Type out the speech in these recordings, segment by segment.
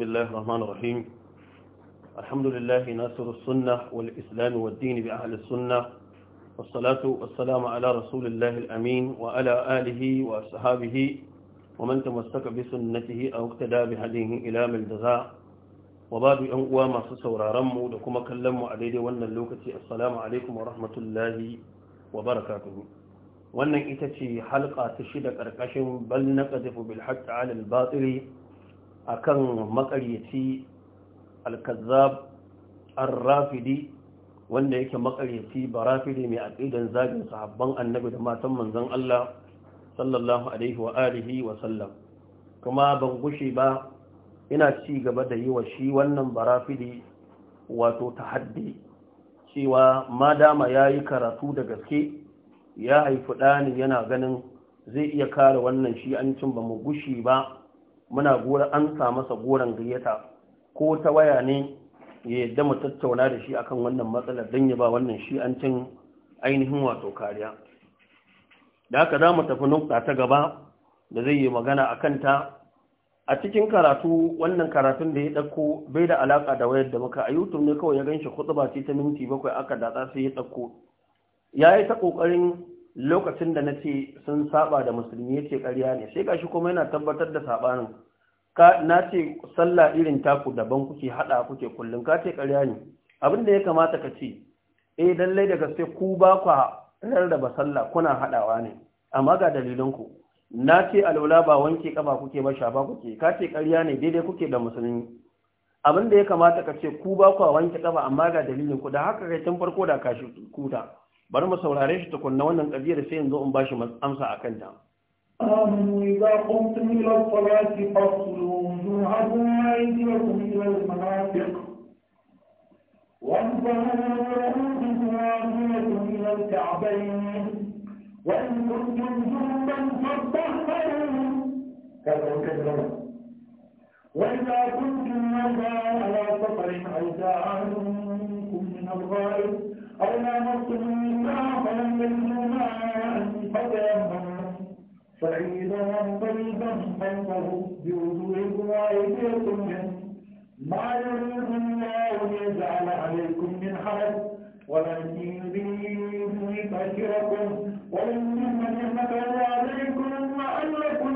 بسم الله الرحمن الرحيم الحمد لله ناصر السنة والإسلام والدين بأهل السنة والصلاة والسلام على رسول الله الأمين وعلى آله وأصحابه ومن تمسك بسنته أو اقتدى بهديه إلى ملدزاء وبعد أن أواما سسورا رمو لكم كلموا عليه وأن اللوكة السلام عليكم ورحمة الله وبركاته وأن إتتي حلقة تشدك أركاش بل نقذف بالحق على الباطل akan makaryaci alkazzab ar-rafidi wanda yake makaryaci barafidi mai aqidan zagin sahabban annabi da matan manzon Allah sallallahu alaihi wa alihi wa sallam kuma ban gushe ba ina ci gaba da yi wa shi wannan barafidi wato tahaddi cewa madama yayi karatu da gaske ya haifi ɗani yana ganin zai iya kare wannan shi an cin ba mu gushi ba muna gora an sa masa goron gayyata ko ta waya ne ya yadda mu tattauna da shi akan wannan matsalar don ya ba wannan shi an cin ainihin wato kariya da aka za mu tafi nukta ta gaba da zai yi magana a kanta a cikin karatu wannan karatun da ya ɗauko bai da alaƙa da wayar da muka a youtube ne kawai ya gan shi kutsu ba ta minti bakwai aka datsa sai ya ɗauko ya yi ta ƙoƙarin lokacin da na ce sun saba da musulmi ya ce ƙarya ne sai gashi kuma yana tabbatar da sabanin na ce sallah irin taku daban kuke hada kuke kullum ka ce ƙarya ne abin da ya kamata ka ce eh lallai da gaske ku ba ku rarraba sallah kuna hadawa ne amma ga dalilanku na ce alwala ba wanke kaba kuke ba shafa kuke ka ce ƙarya ne daidai kuke da musulmi abin da ya kamata ka ce ku ba ku wanke kaba amma ga dalilin ku da haka kai tun farko da kashi kuta bari mu saurare shi tukunna wannan kabiyar sai yanzu in shi amsa a kanta. آمنوا إذا قمتم إلى الصلاة فاغسلوا وجوهكم وأيديكم إلى المنافق وانظروا رؤوسكم وأرجلكم إلى الكعبين وإن كنتم فاطهروا كذا وكذا وإذا كنتم مرضى على سفر أو جاء أحد منكم من الغائب ألعنكم ميثاقا لما أنفقهم فعيدهم بيتا خلفه بوجوهكم وأيديكم منه ما يريد الله ليجعل عليكم من حرج ولكن يريد ليطهركم ويتم نعمته عليكم وأن لكم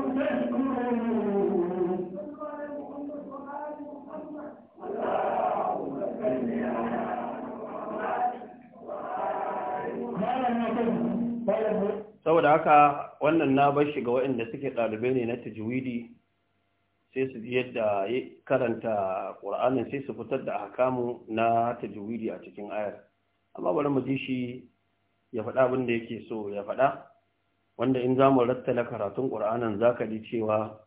saboda haka wannan na bar shiga waɗanda suke ɗalibai ne na tajwidi sai su yadda karanta ƙur'anin sai su fitar da hakamu na tajwidi a cikin ayar amma bari mu ji shi ya faɗa abin da yake so ya faɗa wanda in za mu rattala karatun ƙur'anin za ka ji cewa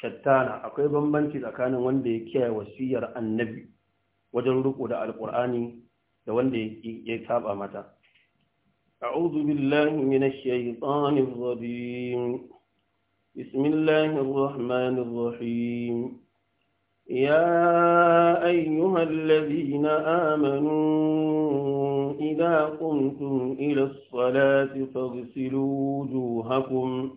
shattana akwai bambanci tsakanin wanda ya kiyaye wasiyar annabi wajen riko da alƙur'ani da wanda ya saba mata أعوذ بالله من الشيطان الرجيم بسم الله الرحمن الرحيم يا أيها الذين آمنوا إذا قمتم إلى الصلاة فاغسلوا وجوهكم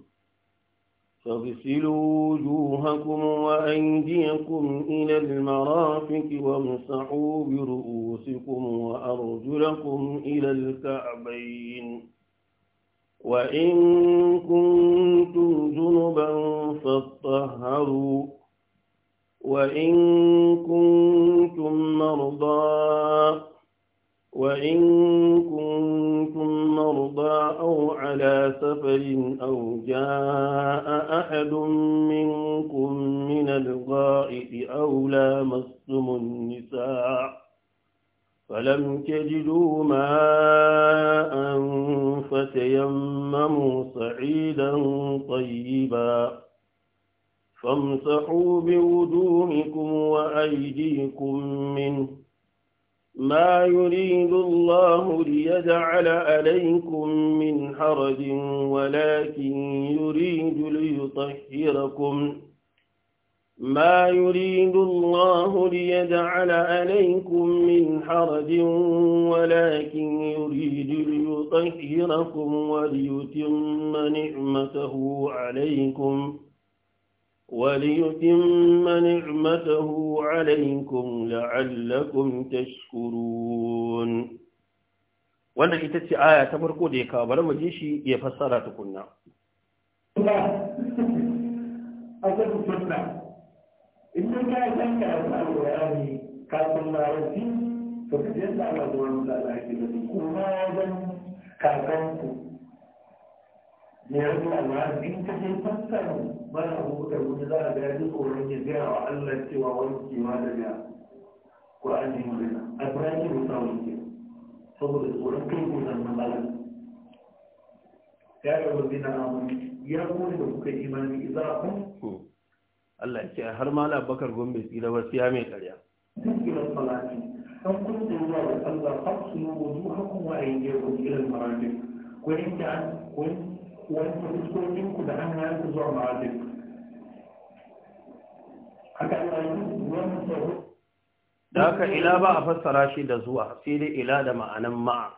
فاغسلوا وجوهكم وأيديكم إلى المرافق وامسحوا برؤوسكم وأرجلكم إلى الكعبين وإن كنتم جنبا فاطهروا وإن كنتم مرضى وإن كنتم مرضى أو على سفر أو جاء أحد منكم من الغائط أو لامستم النساء فلم تجدوا ماء فتيمموا صعيدا طيبا فامسحوا بوجوهكم وأيديكم منه ما يريد الله ليجعل عليكم من حرج ولكن يريد ليطهركم ما يريد الله ليجعل عليكم من حرج ولكن يريد ليطهركم وليتم نعمته عليكم وليتم نعمته عليكم لعلكم تشكرون wannan ita ce aya ta farko da ya kawo bari mu ji shi ya fassara tukunna in ka ka da da kuma ne ya zo alwara in ka kai fassara bana abubakar wani za a ga ya ji tsoron ya gaya wa allah cewa wani ke ma daga ƙwa'ani rina, a tsaraki mai samun ke saboda tsoron kai ko zan matsala ya ga wani na amon ya kone da kuka imani a kun Allah ce har ma labakar gombe tsira ba ya mai karya. Dukkan salati, kan kun zuwa da ruwa Allah, hafsu wujuhakum wa aydiyakum ila al-marafiq. Ku yanke an, ku wanke da zuwa wani haka da ila ba a fassara shi da zuwa sai dai ila da ma'anan ma'a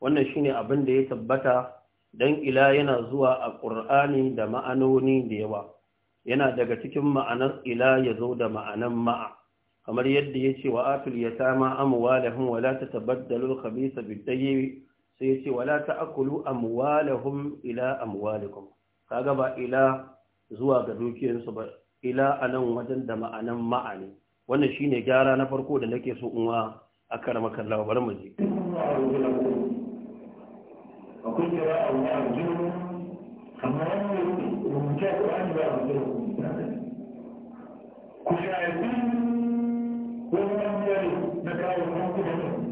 wannan shine abin da ya tabbata dan ila yana zuwa a ƙur'ani da ma'anoni da yawa yana daga cikin ma'anar ila ya zo da ma'anan ma'a kamar yadda ya ce wa atul yatama amwalahum wa la tatabaddalu al-khabitha bit-tayyib sai ce wala ta'kulu amwalahum ila amwalikum kaga ba ila zuwa ga dukiyansu ba ila anan wajen da ma'anan ma'ani wannan shine gyara na farko da nake so in wa akrama kallahu bari mu ji akwai kira yi ajinu amma wannan ko an ba ku na kawo kuma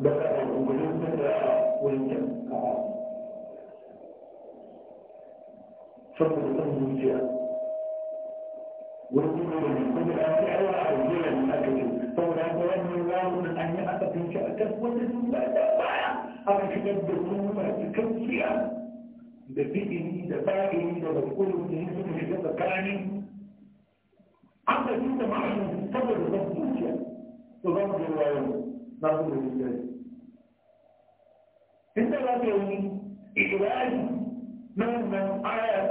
بقى الجلوس والجنب فضل الله الجهاد والجنة من الأشعر والجنة من أجل فولا يتولى الله من أن يأتى من شأتك وتسوى دفاع أما شدد الظلمة كوفية بفئه دفاعه وبكل من شدد كاني أما كنت معهم فضل الله الجهاد تضمن الله ba ku da hujjoji in da za ka yi ikirari na aya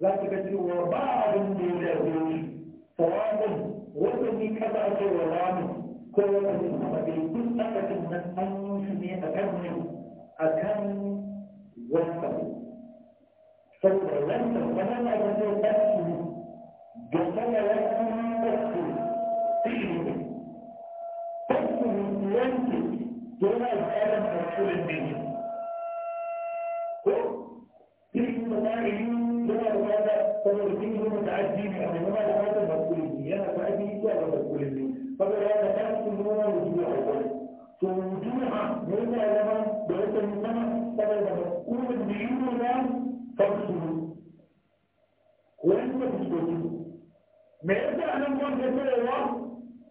za ka cewa ba abin da ya dace tawabin wanda ni kaza ce wa ramin ko wanda ni a matsayin duk tsakacin nan an yi shi ne a kan ne a kan wanda saboda wanda wani na da zai ɗan shi ga kuma wanda yanki yana tsarin rasulun ko cikin yana da saboda cikin da addini a mai mata mata rasulun ne yana ne a wani to wujuwa ne yana zama da wata musamman saboda rasulun ne yana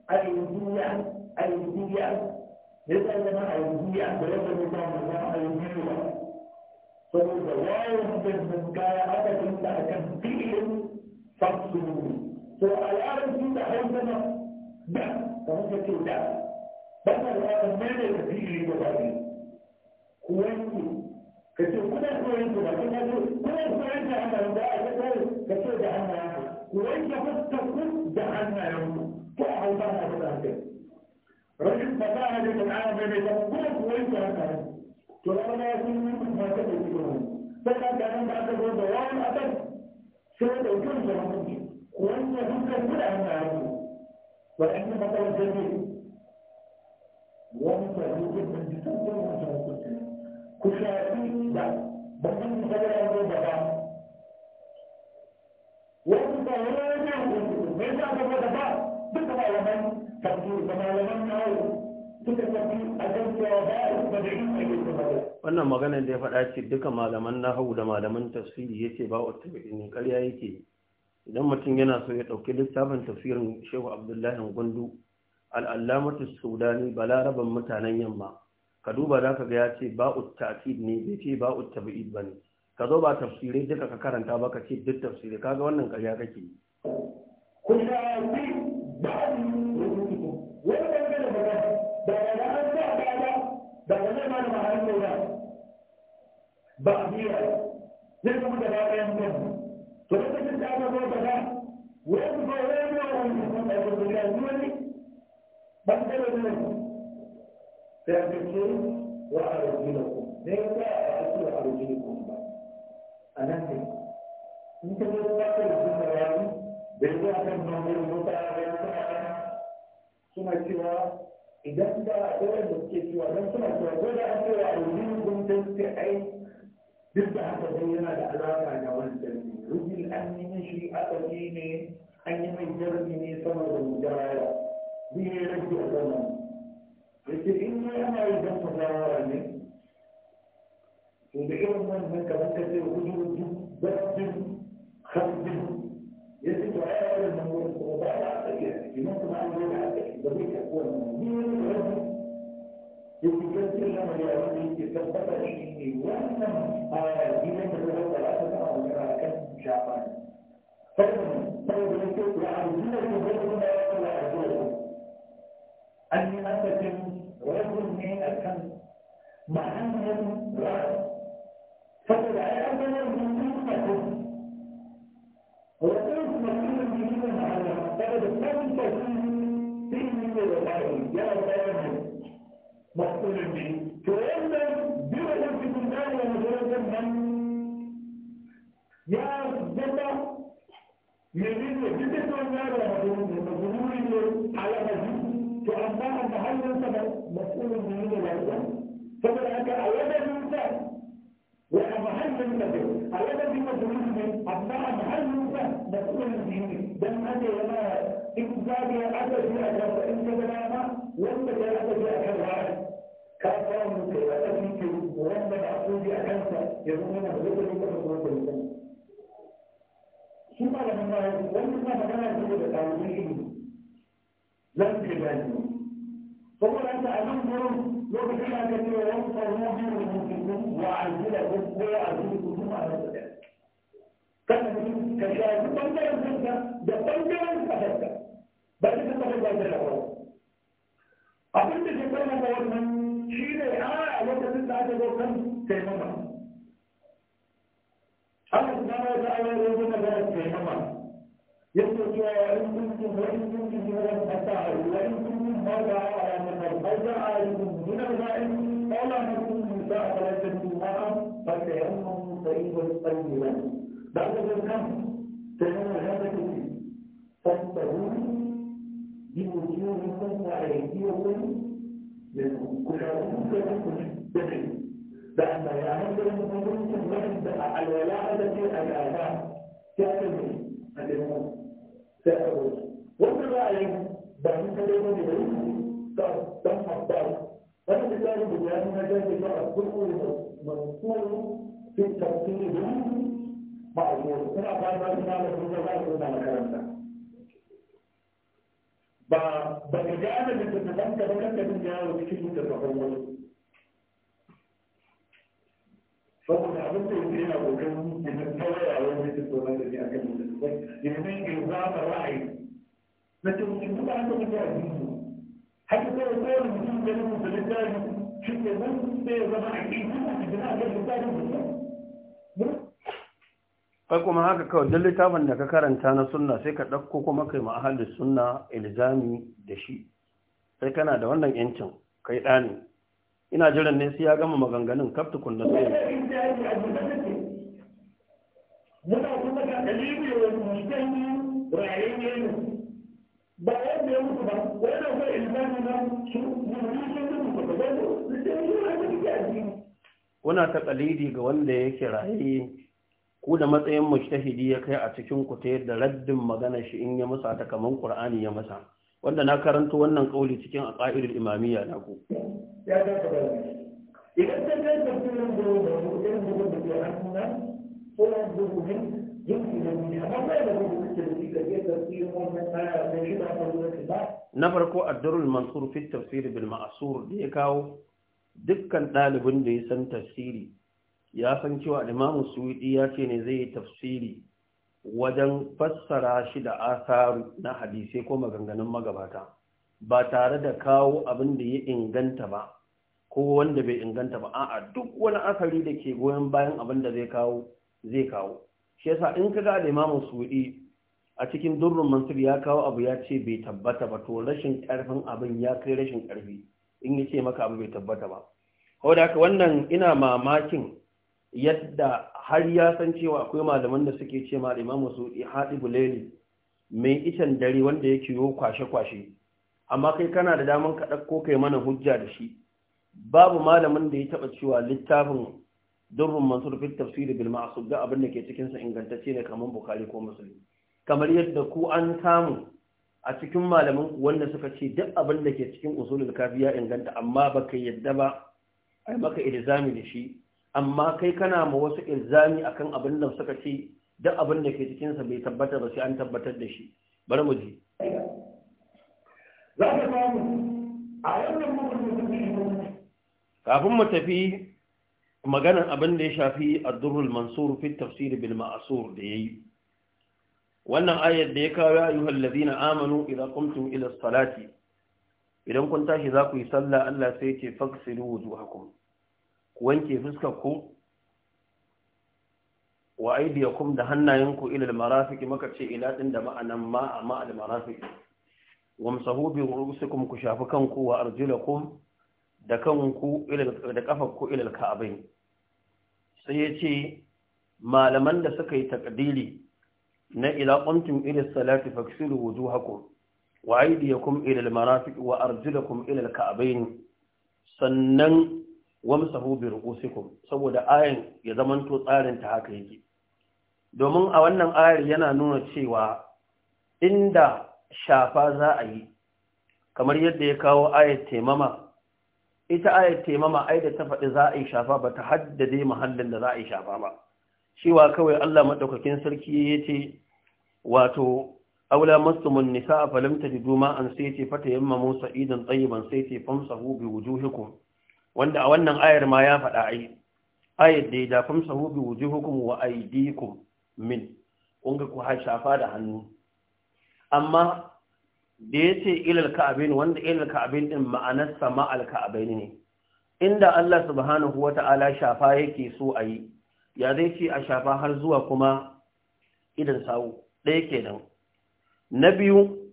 wani me الوهية ليس لنا الوهية وليس لنا الله الوهية فهو لا يمكن من كان أبدا أن تنفيذ فاقصدوا فالآن كنت حيثنا ده فهذا كده بس الآن ماذا يفيه لبغاني كوينتي كتير كنا كوينتي لكن كنا كوينتي أنا ده كتير ده أنا كوينتي حتى كنت ده أنا كوينتي حتى كنت ده أنا mai ta ƙara mai mai ta kuma kuwa yi ta haka to ya wani ya sun yi kuma ta ɗauki da wani sai ka ga nan da zo da wani a kan sai da ɗauki da wani kuwa yi ta haka kuma an na yaro waɗannan makarantar ne wani ta yi kuma ta ta kuma ta hukunta ku shafi yi, ba mun ta ga an zo da ba wani ta yi wani ne hukunta mai ta ga da ba duka ba Kuma tafsir da malaman nawo wannan maganar da ya faɗa ce duka malaman hau da malaman tafsiri ya ce ba wa ne ƙarya yake idan mutum yana so ya ɗauki littafin tafsirin shehu abdullahi gundu al'allamatu sudani balaraban mutanen yamma ka duba za ka ga ya ce ba'ut ta'kid ne bai ce ba ba'ut tabi'id bane ka zo ba tafsirai duka ka karanta ba ka ce duk tafsirai kaga wannan ƙarya kake yi basira zai kuma da ra'ayin kan to lokacin da aka zo gaba wani ba wani ba wani ba da ya zo da wani bangare ne sai a fice wa a rajina ku ne ba a ce a rajina ku ba a nan ne in ka zo ba ka rajin da wani bai zo a kan mamuru mutane suna cewa idan da a ɗaya da suke cewa don suna cewa ko da an cewa a rajina ku don sai ai duk da haka dai yana da alaƙa da wancan ne rubin an yi mishi aka ji ne an yi mai jarbi ne sama da mujawara zai yi rage a sama yake in ma yana yi don mujawara ne to da irin wannan kamar ka ce hudu duk babbin hamdu يكفر لما يأتي يتكفر شيء وأنما دينا تقول ثلاثة أو ثلاثة شعبان فلما تقول لك يعرضون الجبل ما يقول عدوه أن أنت رجل من الكم مع أنهم رأس فالعياذ منكم وكيف نكون جديدا على طلب الثاني كثير في من الوضعين يا سلام مقصود به فيلزم بوجود الله ومجرد من يا زبا يريد يجدد النار ومجرد على مجيد فأما المحل أنت مسؤول من هذا الإنسان فبلا أنت أولاد الإنسان ومحل الإنسان أولاد المسؤول من أما محل الإنسان مسؤول من هذا ده ما in zaɓi ya aka fi a kan in ka gana wanda ya aka fi a kan ra'ayi ka samu kai aka fi ke wanda ba a soji a kansa ya zama yana da lokaci ka fi ya shi ma da nan bayan wani ma magana ne da ɗalibin ilimi zan ke gani saboda a nan gurin lokacin da aka ce wa wani tsaron biyu da wa azila ko ko ya azila ko kuma a nan da Kana mutum ka shafi ɓangaren kanka da ɓangaren ƙasarka بعد كده تاخد بعد الاول أقلت في كلمة بورنا شيل الحاء وانت تطلع على بورنا تيمم الله سبحانه وتعالى آه، يقول لنا تيمم يقول إن كنتم وإن كنتم من المساعد وإن كنتم مرضى على مفر أو جعلكم من الماء قال أنكم نساء فلتكم معا فتيمموا طيبا طيبا بعد ذلك تيمم هذا كثير فانتهوا بوجوهكم وأيديكم للكلام لأن يعمل المؤمنون وعند في الآثام كامل الإمام تأخذ والرأي بعد كلمة بعيد تم الضرب ولذلك بجانب مجال جاء كل منصور في التفصيل معروف ما أفعل ما أفعل ما أفعل ba ba ka ga ana da tattaban ka ba kanka din ga yawo cikin da tafan wani saboda abin da yake yana kokarin da ta tawaya wani da tsoron da ne a kan da tsoron yanzu in za ka ra'ayi na ce mutum ba an taɓa ta jini har ko kowane mutum da ne mutum da littafi shi ne mun sai ya zama a ƙi mutum da na ga littafin mutum kai kuma haka kawai duk littafin da ka karanta na sunna sai ka ɗauko kuma kai ma sunna ilzami da shi sai kana da wannan yancin kai ɗani ina jiran ne sai ya gama maganganun kaftu tukunna sai ba ya mutu ta kalidi ga wanda yake raye ku da matsayin mujtahidi ya kai a cikin ku ta yadda raddin magana shi in ya musa ta kaman qur'ani ya musa wanda na karanto wannan kauli cikin aqaidul imamiyya na ku ya ta idan ta kai da kullum da irin da da ya hanna ko da dubuhin yanki da ni amma da da kuke da ke da shi wannan tsaya da shi da ba na farko ad-darul mansur fi tafsir bil ma'sur da ya kawo dukkan ɗalibin da ya san tafsiri ya san cewa imamu suwidi ya ce ne zai yi tafsiri wajen fassara shi da asaru na hadisai ko maganganun magabata ba tare da kawo abin da ya inganta ba ko wanda bai inganta ba a'a duk wani asari da ke goyon bayan abin da zai kawo zai kawo shi yasa in ka ga da Imam a cikin durrun mansur ya kawo abu ya ce bai tabbata ba to rashin karfin abin ya kai rashin karfi in ya ce maka abu bai tabbata ba kawai da haka wannan ina mamakin yadda har ya san cewa akwai malaman da suke ce ma imamu su haɗi buleli mai itan dare wanda yake yo kwashe-kwashe amma kai kana da damar ka ɗauko kai mana hujja da shi babu malamin da ya taɓa cewa littafin durbin mansur fit tafsiri bil ma'asub da abin da ke cikin sa ingantacce ne kamar bukhari ko Musulmi. kamar yadda ku an samu a cikin malaman wanda suka ce duk abin da ke cikin usulul kafiya inganta amma baka yadda ba ai maka ilzami da shi amma kai kana ma wasu ilzami akan abin da suka ce duk abin da ke cikinsa bai tabbata ba sai an tabbatar da shi bari mu ji kafin mu tafi maganar abin da ya shafi addurul mansur fi tafsir bil ma'sur da yayi wannan ayar da ya kawo ayyuhal ladina amanu idza qumtum ila salati idan kun tashi za ku yi sallah Allah sai ya ce fagsilu wujuhakum ku wanke fuskar ku wa aidiyakum da hannayenku ila marafiki maka ce ila din da ma'anan ma amma marafiki? wamsahu bi ru'usikum ku shafi kanku wa arjulakum da kanku ila da kafarku ila alka'abain sai ya ce, malaman da suka yi takdiri na ila qumtum ila salati faksilu wujuhakum wa aidiyakum ila marafiki wa arjulakum ila alka'abain sannan wamsahu bi ru'usikum saboda ayan ya zamanto tsarin ta haka yake domin a wannan ayar yana nuna cewa inda shafa za a yi kamar yadda ya kawo ayat taimama ita ayat taimama ai da ta faɗi za a yi shafa ba ta haddade muhallin da za a yi shafa ba cewa kawai Allah maɗaukakin sarki yace wato aula mastumun nisaa falam tajidu ma an sai ce fata yamma musa idan tayyiban sai ce famsahu bi wujuhikum wanda a wannan ayar ma ya faɗa ai ayar da ya dafin sahubi wujuhukum wa aydikum min Kunga ku shafa da hannu amma da ya ce ilal ka'abin wanda ilal ka'abin din ma'anar sama al ka'abain ne inda Allah subhanahu wata'ala shafa yake so a ya zai ce a shafa har zuwa kuma idan sawu ɗaya kenan na biyu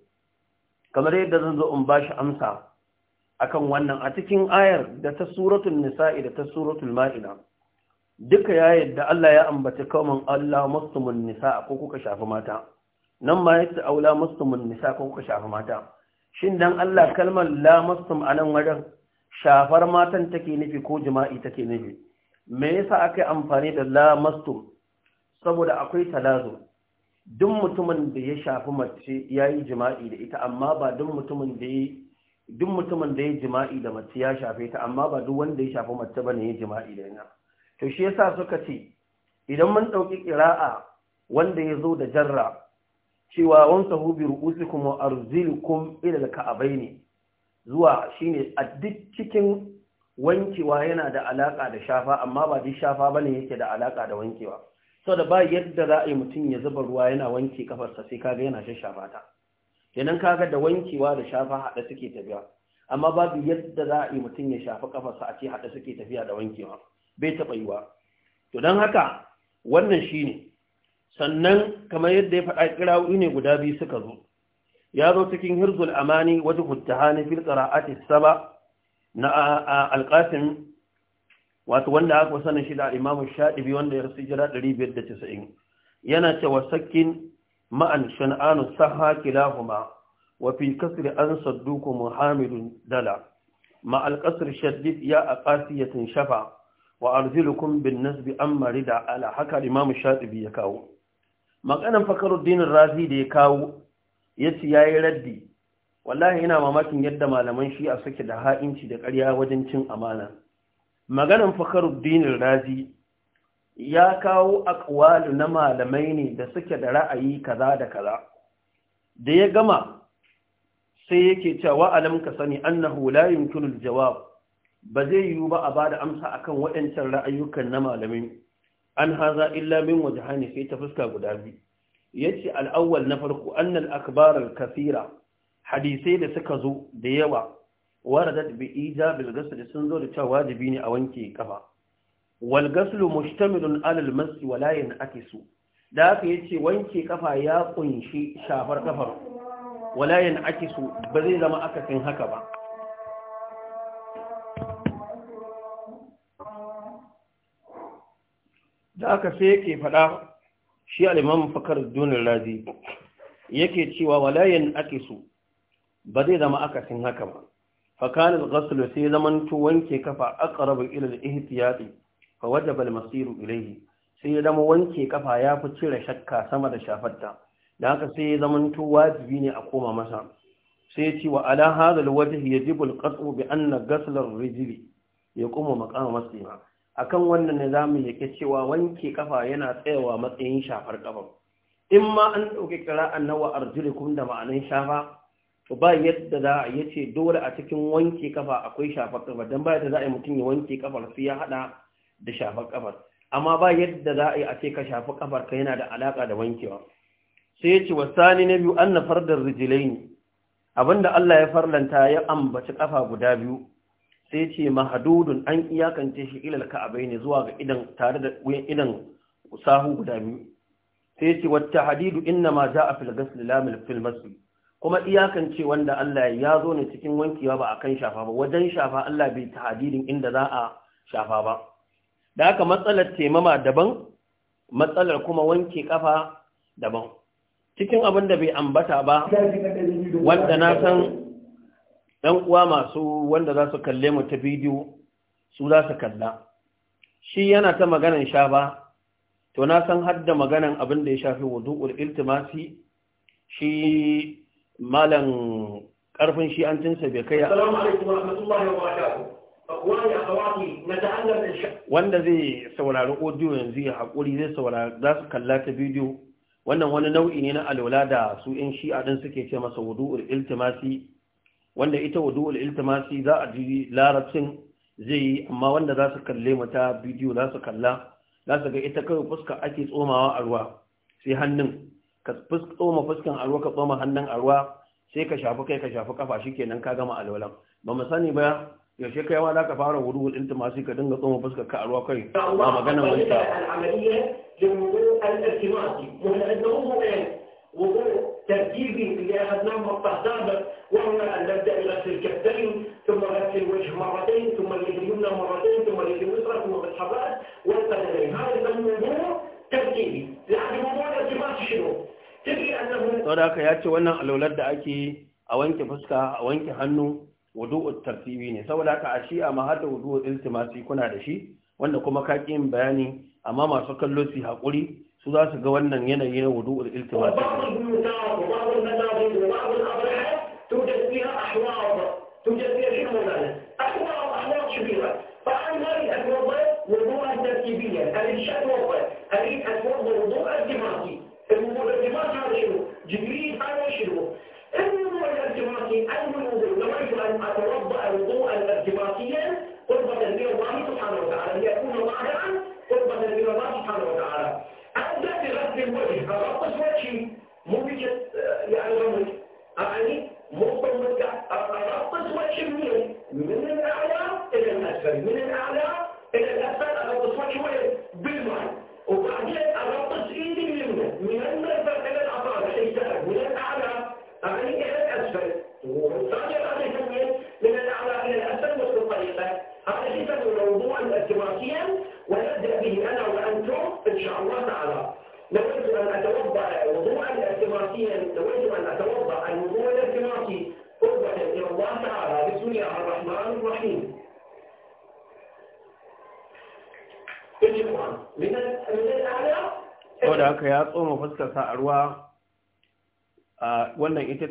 kamar yadda zan zo in ba shi amsa akan wannan a cikin ayar da ta suratul nisa'i da ta suratul ma'ida duka ya yadda Allah ya ambaci kauman Allah muslimun nisa'a ko kuka shafi mata nan ma yace aula muslimun Nisaa ko kuka shafi mata shin dan Allah kalmar la muslim anan wajen shafar matan take nufi ko jima'i take nufi me yasa aka yi amfani da la muslim saboda akwai talazu, duk mutumin da ya shafi mace yayi jima'i da ita amma ba duk mutumin da ya duk mutumin da ya jima'i da mace ya shafe ta amma ba duk wanda ya shafi mace bane ya jima'i da yana to shi yasa suka ce idan mun ɗauki ƙira'a wanda ya zo da jarra cewa sahu bi ru'usikum wa arzilukum ila al-ka'abaini zuwa shine a duk cikin wankewa yana da alaka da shafa amma ba duk shafa bane yake da alaka da wankewa saboda ba yadda za a yi mutum ya zuba ruwa yana wanke kafarsa sai kaga yana shafa ta kenan kaga da wankewa da shafa haɗe suke tafiya amma babu yadda za a yi mutum ya shafi kafarsa a ce haɗa suke tafiya da wankewa bai taɓa yiwa to don haka wannan shi ne sannan kamar yadda ya faɗa kirawoyi ne guda biyu suka zo ya zo cikin hirzul amani wata na fil qira'ati saba na alqasim wato wanda aka sanin shi da imamu shadibi wanda ya rasu jira 590 yana cewa sakin ma’an shan’anu sun haƙi lahuma wafi kasir an sadduku muhammadun dala ma alƙasar shaddif ya a ƙasiyatin shafa wa arzilukum bin nasbi an marida ala haka imamu shaɗibi ya kawo maganan fakaruddin razi da ya kawo ya ci ya yi raddi wallahi ina mamakin yadda malaman shi a suke da ha'inci da ƙarya wajen cin amana maganan fakaruddin razi ya kawo akwalu na malamai ne da suke da ra'ayi kaza da kaza da ya gama sai yake cewa alam ka sani annahu la yumkinu aljawab ba zai yiwu ba a bada amsa akan waɗancan ra'ayukan na malamin an haza illa min wajhani sai ta fuska guda biyu yace al-awwal na farko annal akbar al-kathira hadisai da suka zo da yawa waradat bi ijabil ghusl sun zo da cewa wajibi ne a wanke kafa walgaslu gaslu alal masi wala yanqisu da yi yace wanke kafa ya kunshi shafar kafar wala yanqisu ba zai zama akasin haka ba da aka sai yake faɗa shi al'imam fakar dunin razi yake cewa walayen ake su ba zai zama akasin haka ba fakanin gasulu sai zaman wanke kafa akarabin ilil ihtiyati fa wajaba al-masiru ilayhi sai ya zama wanke kafa ya fi cire shakka sama da shafarta da haka sai ya zama to wajibi ne a koma masa sai ya ce wa ala hadha al-wajh yajibu al-qat'u bi anna ghasl ar-rijli yaqumu maqama akan wannan ne zamu yake cewa wanke kafa yana tsayawa matsayin shafar kafa in ma an dauke qira'an nawa arjulikum da ma'anan shafa to ba yadda za a yace dole a cikin wanke kafa akwai shafar kafa dan ba yadda za a yi mutum ya wanke kafar sai ya hada da shafar kafar amma ba yadda za a yi a ce ka shafi kafar ka yana da alaka da wankewa sai ya ce wasani na biyu an na fardar ne. abinda Allah ya farlanta ya ambaci kafa guda biyu sai ce mahadudun an iyakance shi ilal ka'abai ne zuwa ga idan tare da idan sahu guda biyu sai ce wata hadidu inna ma za a fil gasli lamil fil masu kuma iyakance wanda Allah ya zo ne cikin wankewa ba a kan shafa ba wajen shafa Allah bai ta hadidin inda za a shafa ba da haka matsalar taimama daban matsalar kuma wanke kafa daban cikin abin da bai ambata ba wanda na san ɗan uwa masu wanda za su kalle mu ta bidiyo su za su kalla shi yana ta maganan sha ba to na san har da maganan abin da ya shafi wudu'ul iltimasi shi malam karfin shi an cinsa bai kai assalamu alaikum wa rahmatullahi wa barakatuh wanda zai saurari audio yanzu ya haƙuri zai saurari za su kalla ta bidiyo wannan wani nau'i ne na alola da su in shi'a din suke ce masa wudu'ul iltimasi wanda ita wudu'ul iltimasi za a ji larabcin zai yi amma wanda za su kalle mu ta bidiyo za su kalla za su ga ita kawai fuska ake tsomawa a ruwa sai hannun ka tsoma fuskan a ruwa ka tsoma hannun a ruwa sai ka shafi kai ka shafi kafa kenan ka gama alolan,' ba mu sani ba yaushe kai ma za ka fara wudu din ta masu ka dinga tsoma fuska ka aruwa kai ba magana wani ta تركيبي اللي اخذناه مقطع سابق وهو ان نبدا بغسل الكفين ثم غسل الوجه مرتين ثم اليد اليمنى مرتين ثم اليد اليسرى ثم بالحبات والقدمين هذا الموضوع تركيبي لكن موضوع الالتماس شنو؟ تدري انه. هناك ياتي وانا الاولاد اكي اوانك فسكه اوانك هنو wudu'ut tartibi ne saboda haka a shi'a ma har da wudu'ut iltimasi kuna da shi wanda kuma ka yin bayani amma masu kallo su haƙuri su za su ga wannan yanayi na wudu'ut iltimasi توجد فيها أحواض توجد فيها حمولة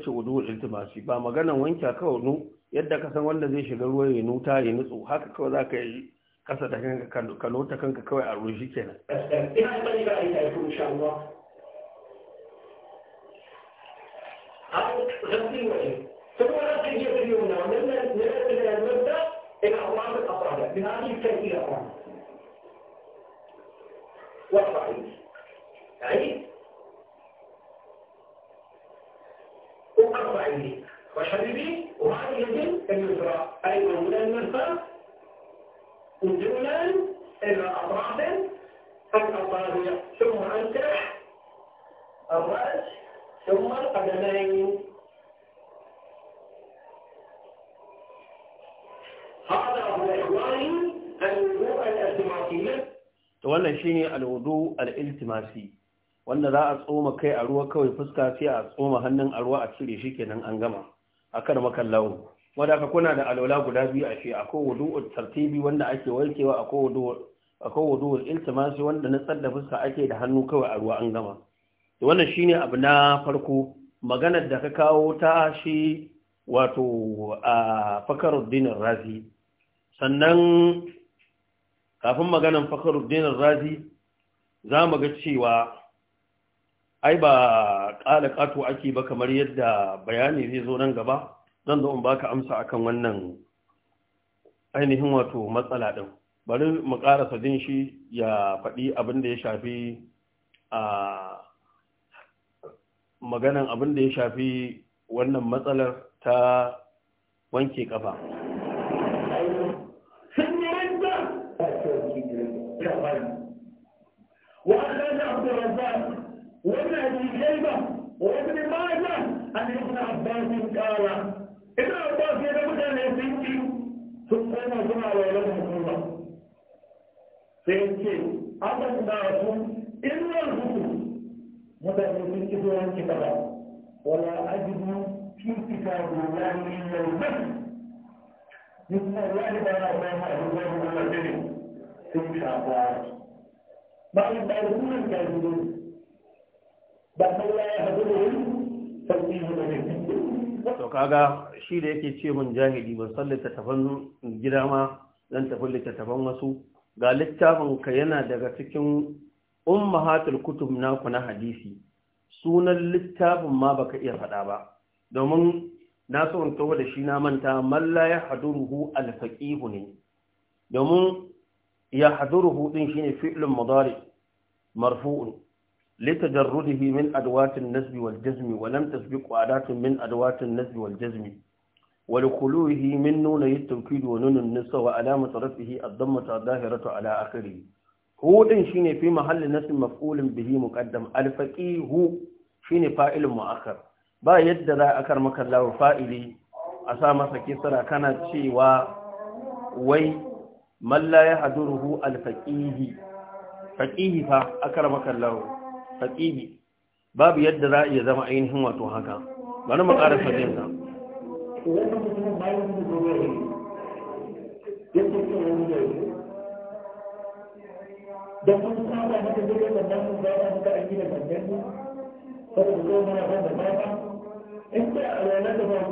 ce wudu iltimasi ba maganan wanka kawai nu yadda ka san wanda zai shiga ruwa ya nuta ya nutsu haka kawai za ka yi kasa da kanka ka lota kanka kawai a ruwa shi kenan بهذه الكيفية واضحة يعني واش حبيبي وهذه الجن اليسرى أيضا من المرفق نزولا إلى أطراف الأطراف ثم أنتح الرأس ثم القدمين هذا هو إخواني الوضوء الالتماسي wannan shine alwudu al-iltimasi wanda za a tsoma kai a ruwa kawai fuska sai a tsoma hannun a ruwa a cire shi an gama akan makallahu wanda aka kuna da alola guda biyu a shi akwai wudu'ul tartibi wanda ake wankewa akwai wudu'ul akwai wudu'ul iltimasi wanda na tsadda fuska ake da hannu kawai a ruwa an gama wannan shine abu na farko maganar da ka kawo ta shi wato a fakaruddin razi sannan kafin maganar fakaruddin razi za mu ga cewa ai ba ba ƙala ƙato ake ba kamar yadda bayani zai zo nan gaba zan zo in baka amsa akan wannan ainihin wato matsala ɗin bari mu ƙarasa din shi ya faɗi abin da ya shafi a maganan abin da ya shafi wannan matsalar ta wanke ƙafa ibn abbas kala ibn abbas ya zama da nufin ki sun koma suna wa wani hukuma sai ya ce abin da su in yan hukun mutane sun ki tsohon ki kaba wala ajibu cutuka gobe ne mai mai yusuf wani ba na wani haɗu ba na wani jini sun shafa ba in ba ruwan ba kallon ya haɗu da wani to kaga shi da yake ce mun jahili ban san taban gida ma zan tafi littattafan wasu ga littafin ka yana daga cikin ummahatul kutub naku na hadisi sunan littafin ma baka iya faɗa ba domin na so in tawo da shi na manta malla ya haduruhu alfaqihu ne domin ya haduruhu din shine fi'lun mudari marfu'un لتجرده من أدوات النسب والجزم ولم تسبق عادات من أدوات النسب والجزم ولخلوه من نون التوكيد ونون النسب وعلامة رفعه الضمة الظاهرة على آخره هو دين شيني في محل نسب مفعول به مقدم الفقيه هو شيني فاعل مؤخر با يد ذا أكر مكلا وفائلي أسامة كسرة كانت شيوا وي من لا يحضره الفقيه فقيه فأكرمك الله haƙiƙi babu yadda za a iya zama ainihin wato haka bari mu ƙara fadin sa da kun saba da mata na ba a da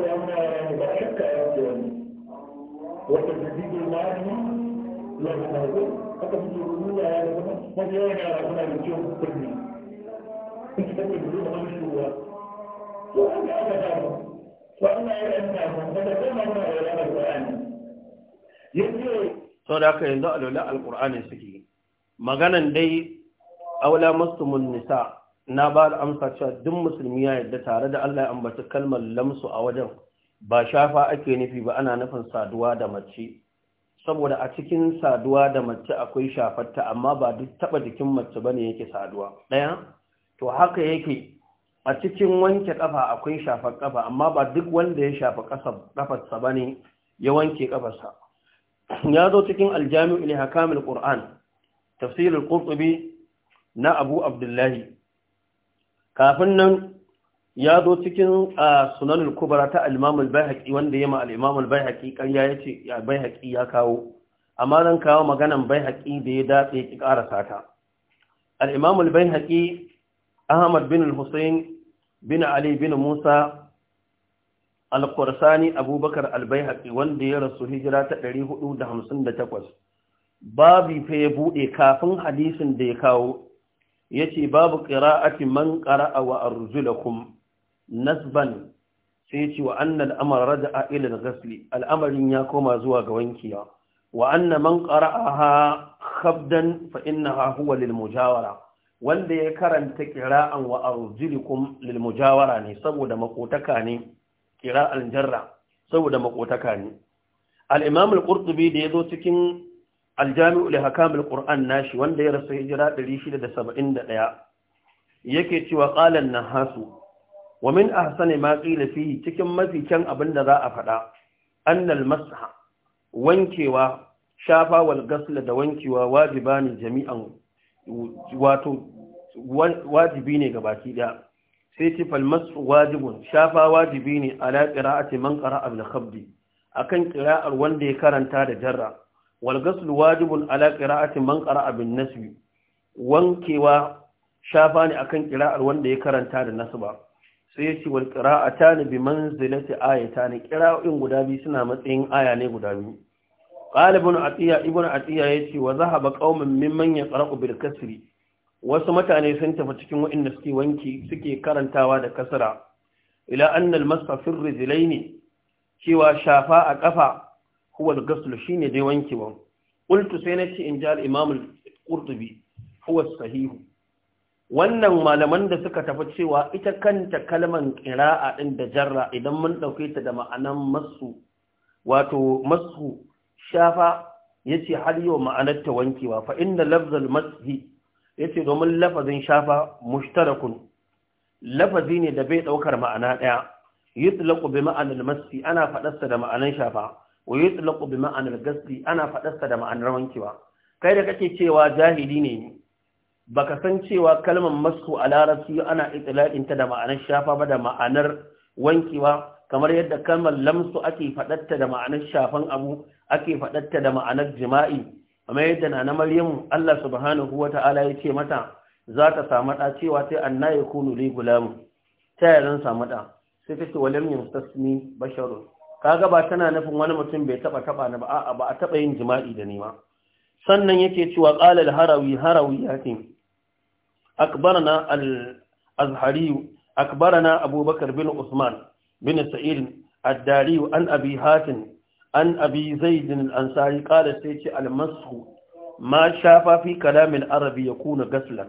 ba ku ba shakka ya wani wata da lafi na zo aka fito ruwa ya zama mafi yawan yara suna da ciwon kurmi to da aka samu to Allah ya da aka yanzu alwala alqur'ani suke maganan dai aula mustumun nisa na ba da amsa cewa duk musulmi ya yadda tare da Allah ya ambaci kalmar lamsu a wajen ba shafa ake nufi ba ana nufin saduwa da mace saboda a cikin saduwa da mace akwai shafarta amma ba duk taba jikin mace ba bane yake saduwa Ɗaya, to haka yake a cikin wanke kafa akwai shafar kafa amma ba duk wanda ya shafa kafarsa ba ne ya wanke kafarsa ya zo cikin aljami'u ne hakamul qur'an tafsirul qurtubi na abu abdullahi kafin nan ya zo cikin a sunanul kubra ta al baihaƙi wanda ya al-imamul Ƙarya ƙarya ce ya baihaƙi ya kawo amma zan kawo maganan baihaƙi da ya datse ƙi ƙara sata al-imamul Ahmad bin al-Husayn bin Ali bin Musa al-Qursani Abubakar al-Baihaqi wanda ya rasu hijira ta 458 babu fa ya bude kafin hadisin da ya kawo yace babu qira'ati man qara'a wa arzulakum nasban sai ce wa anna amr raja'a ila al ya koma zuwa ga wankiya wa anna man qara'aha khabdan fa innaha huwa lil mujawara wanda ya karanta kira'an wa arjilikum lil mujawara ne saboda makotaka ne kira'an jarra saboda makotaka ne al-imam al-qurtubi da yazo cikin al-jami'u li hakam al-qur'an nashi wanda ya rasu hijira 671 yake cewa qala an-nahasu wa min ahsani ma qila fihi cikin mafi kyan abinda za a faɗa annal masha wankewa shafa wal gasla da wankewa wajibani jami'an wato wajibi ne ga baki daya sai ce falmasu wajibun shafa wajibi ne ala qira'ati man ƙara bil khabdi akan qira'ar wanda ya karanta da jarra wal ghusl wajibun ala qira'ati man ƙara bin nasbi wankewa shafa ne akan qira'ar wanda ya karanta da nasba sai ya ce wal ne bi manzilati ne qira'o'in guda biyu suna matsayin aya ne guda biyu qalibun atiya ibnu atiya yace wa zahaba qauman mimman yaqra'u bil kasri wasu mutane sun tafi cikin wa'inda suke wanki suke karantawa da kasara ila annal masafir ne. cewa shafa a ƙafa huwa al-ghusl shine dai wanki ba qultu sai nace in ji al-imam al-qurtubi wannan malaman da suka tafi cewa ita kanta kalman ƙira'a ɗin da jarra idan mun ɗauke ta da ma'anan masu wato masu shafa yace har yau ma'anar ta wankewa fa inna lafzal mashi yace domin lafazin shafa mushtarakun lafazi ne da bai daukar ma'ana daya yutlaqu bi ma'anar masi ana faɗasta da ma'anar shafa wa yutlaqu bi ma'anar gaski, ana faɗasta da ma'anar wankewa kai da kake cewa jahili ne baka san cewa kalmar masu a larabci ana itlaqin ta da ma'anar shafa ba da ma'anar wankewa kamar yadda kalmar lamsu ake fadarta da ma'anar shafan abu ake fadarta da ma'anar jima'i kamar yadda na maryamu Allah subhanahu wata'ala ya ce mata za ta samu ɗa cewa sai anna ya kunu li gulamu ta yaran samu ɗa sai ta ce walam yamsasni basharu kaga ba tana nufin wani mutum bai taba taba na ba a'a ba a taba yin jima'i da ni sannan yake cewa qala al-harawi harawi yake akbarana al-azhari akbarana abubakar bin usman bin sa'id ad-dari an abi hatim an abi zaidin al'ansari ƙada sai ce almasu ma shafa fi kalamin arabi ya kuna gaslan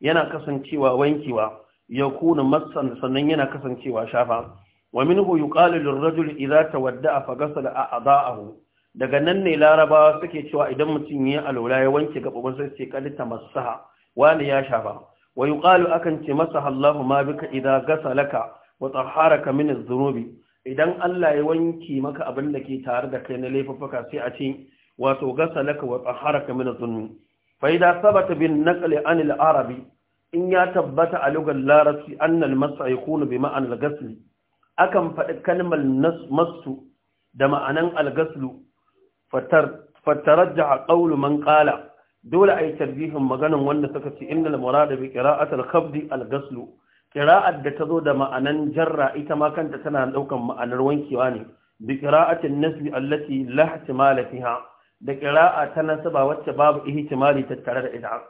yana kasancewa wankewa ya kuna matsan sannan yana kasancewa shafa wa minhu yuqalu lirrajuli idza tawadda'a fa ghasala a'dha'ahu daga nan ne larabawa suke cewa idan mutum ya alwala ya wanke gaban sai ce kad tamassaha wani ya shafa wa yuqalu akan ce masa Allahu ma bika idza ghasalaka wa tahharaka min adh-dhunubi idan Allah ya wanki maka abin da ke tare da kai na laifuffuka sai a ce wato gasalaka wa tsaharaka min dhunub fa idza sabata bin naqli an al-arabi in ya tabbata a lugar Larabi, anna al-mas'a yakunu bi ma'an al-ghasl akan faɗi kalmar masu da ma'anan al-ghasl fatar fatarajja qawlu man qala dole yi tarjihin maganan wanda suka ce innal murada bi qira'ati al-khabd al-ghasl kira'ar da ta zo da ma'anan jarra ita ma kanta tana ɗaukan ma'anar wankewa ne bi kira'atin nasbi allati la ihtimala fiha da kira'a ta nasaba wacce babu ihtimali tattare da ita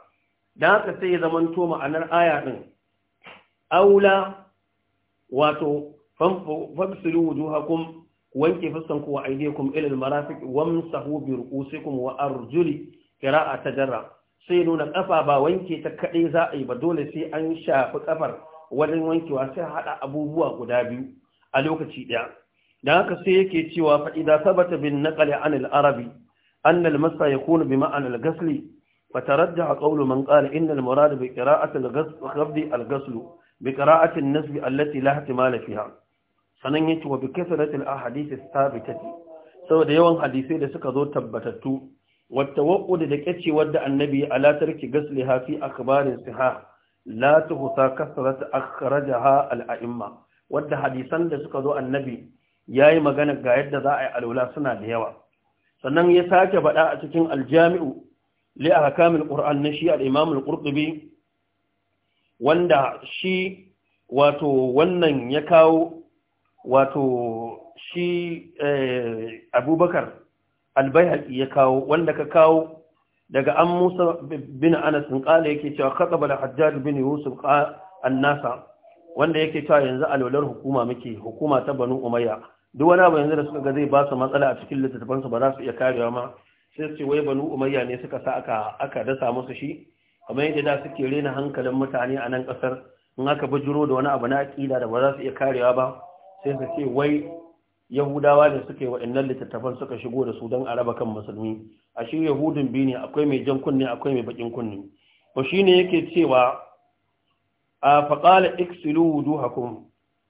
dan haka sai zaman to ma'anar aya din aula wato famsilu wujuhakum wanke fuskanku wa aidiyakum ila almarafiq wamsahu bi ru'usikum wa arjuli ta 'Jarra'. sai nuna ƙafa ba wanke ta kaɗai za a yi ba dole sai an shafi ƙafar wajen wankewa sai haɗa abubuwa guda biyu a lokaci ɗaya da haka sai yake cewa fa'ida sabata bin naƙali an al'arabi an masa ya kuna bi ma'an algasli fa tarajja a ƙaunar man ƙala inda almurada bi ƙira'atul gabdi algaslu bi ƙira'atul nasbi allati lahati hatimala fiha sanan yake wa bi kasaratul ahadith thabitati saboda yawan hadisai da suka zo tabbatattu wata waƙo da da ƙyace wadda annabi ala tarki gasliha fi akhbarin sihah la tuhsa kasrat akhrajaha al-a'imma wanda hadisan da suka zo annabi yayi magana ga yadda za a yi alwala suna da yawa sannan ya sake bada a cikin aljami'u li ahkamil qur'an na shi al-imam al-qurtubi wanda shi wato wannan ya kawo wato shi abubakar albayhaqi ya kawo wanda ka kawo daga an musa bin anas in kala yake cewa kaɗa da hajjar bin yusuf nasa wanda yake cewa yanzu alwalar hukuma muke hukuma ta banu umayya duk wani abu yanzu da suka ga zai ba su matsala a cikin littattafansu ba za su iya karewa ma sai su wai banu umayya ne suka sa aka aka dasa musu shi kamar yadda da suke rena hankalin mutane a nan kasar in aka bujuro da wani abu na aƙida da ba za su iya karewa ba sai su ce wai yahudawa da suka yi waɗannan littattafan suka shigo da su don a raba kan musulmi a shi yahudun biyu ne akwai mai jan kunne akwai mai bakin kunne ba shi ne yake cewa a faƙala iksilu wuduhakum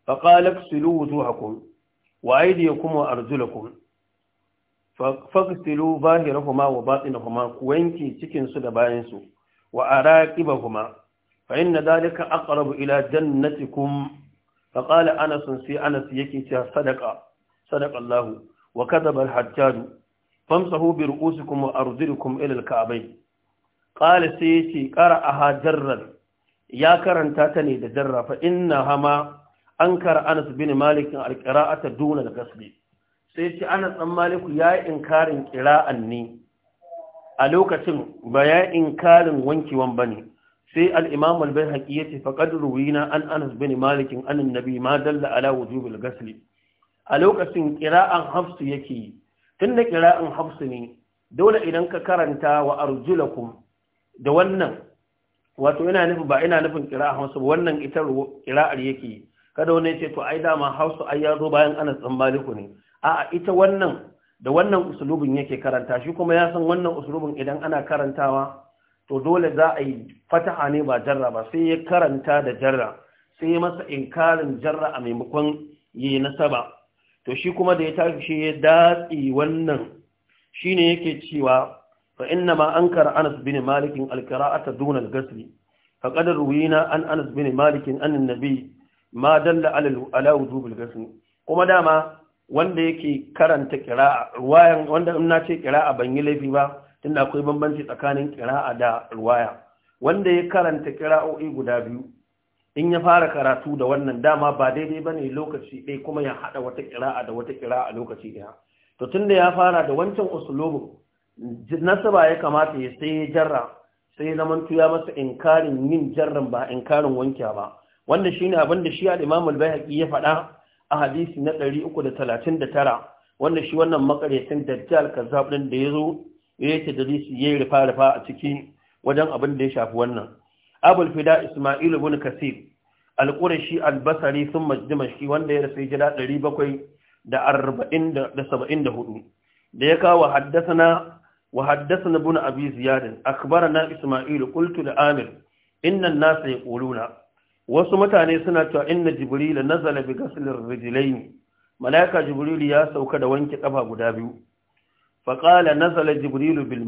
faƙala iksilu hakun, wa aidiyakum wa arjulakum faksilu bahirahuma wa batinahuma ku wanke cikin su da a ra wa araqibahuma fa inna dalika aqrabu ila jannatikum faqala anas sai anas yake cewa sadaka. صدق الله وكذب الحجاج فامسحوا برؤوسكم وأرجلكم إلى الكعبين قال سيتي قرأها جرا يا كرن تاتني دجرا فإنهما أنكر أنس بن مالك القراءة دون الغسل سيتي أنس أم مالك يا إنكار قراءة ني ألوكة بيا إنكار وانكي وانبني sai al'imam albayhaki ya ce faƙad ruwina an anas bin malikin anin nabi ma dalla ala wujubul gasli a lokacin ƙira'an hafsu yake yi tun da ƙira'an hafsu ne dole idan ka karanta wa arjulakum da wannan wato ina nufin ba ina nufin ƙira'an hafsu wannan ita ƙira'ar yake yi kada wani ce to ai dama hafsu ai ya zo bayan ana maliku ne a'a ita wannan da wannan usulubin yake karanta shi kuma ya san wannan usulubin idan ana karantawa to dole za a yi fataha ne ba jarra ba sai ya karanta da jarra sai masa inkarin jarra a maimakon yi nasaba to shi kuma da ya tafi shi ya datsi wannan Shi shine yake cewa fa inna ma kara Anas bin alkara a ta dunar Gasri. fa faqad ruwina an Anas bin malikin annin na nabi ma dalla alawu ala gasri kuma dama wanda yake karanta qira'a ruwayan wanda in ce qira'a ban yi laifi ba tunda akwai bambanci tsakanin ƙira'a da ruwaya wanda ya karanta kira guda biyu in ya fara karatu da wannan dama ba daidai ba ne lokaci ɗaya kuma ya haɗa wata ƙira'a da wata ƙira'a lokaci ɗaya to tun da ya fara da wancan usulobin nasaba ya kamata ya sai ya jarra sai zaman tuya masa inkarin yin jarran ba inkarin wanke ba wanda shine abin da shi al-Imam al-Baihaqi ya faɗa a hadisi na uku da da talatin tara, wanda shi wannan makaryacin dajjal kazzab din da yazo yake da ya yayi rufa rufa a ciki wajen abin da ya shafi wannan abul fida isma'il bin kasir al albasari sun basri wanda ya rasu jira 774 da ya kawo haddathana wa haddathana ibn abi ziyad akhbarana isma'il qultu amir inna an-nasa yaquluna wasu mutane suna cewa inna jibril nazala bi ghasl ar ne. malaika Jibrilu ya sauka da wanke ƙafa guda biyu faƙala nazala Jibrilu bil